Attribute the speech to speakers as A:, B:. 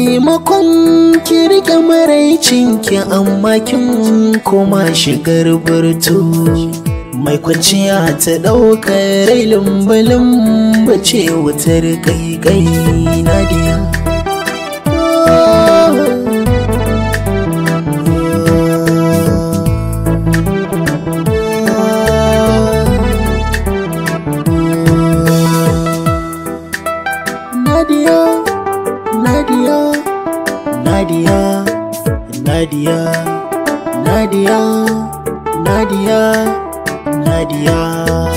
A: maimakon ki rike maraicinki amma kin koma shigar birtu mai kwanciya ta ɗaukar rai lumbalin bace wutar kai na
B: diya Nadia, Nadia, Nadia, Nadia, Nadia, Nadia.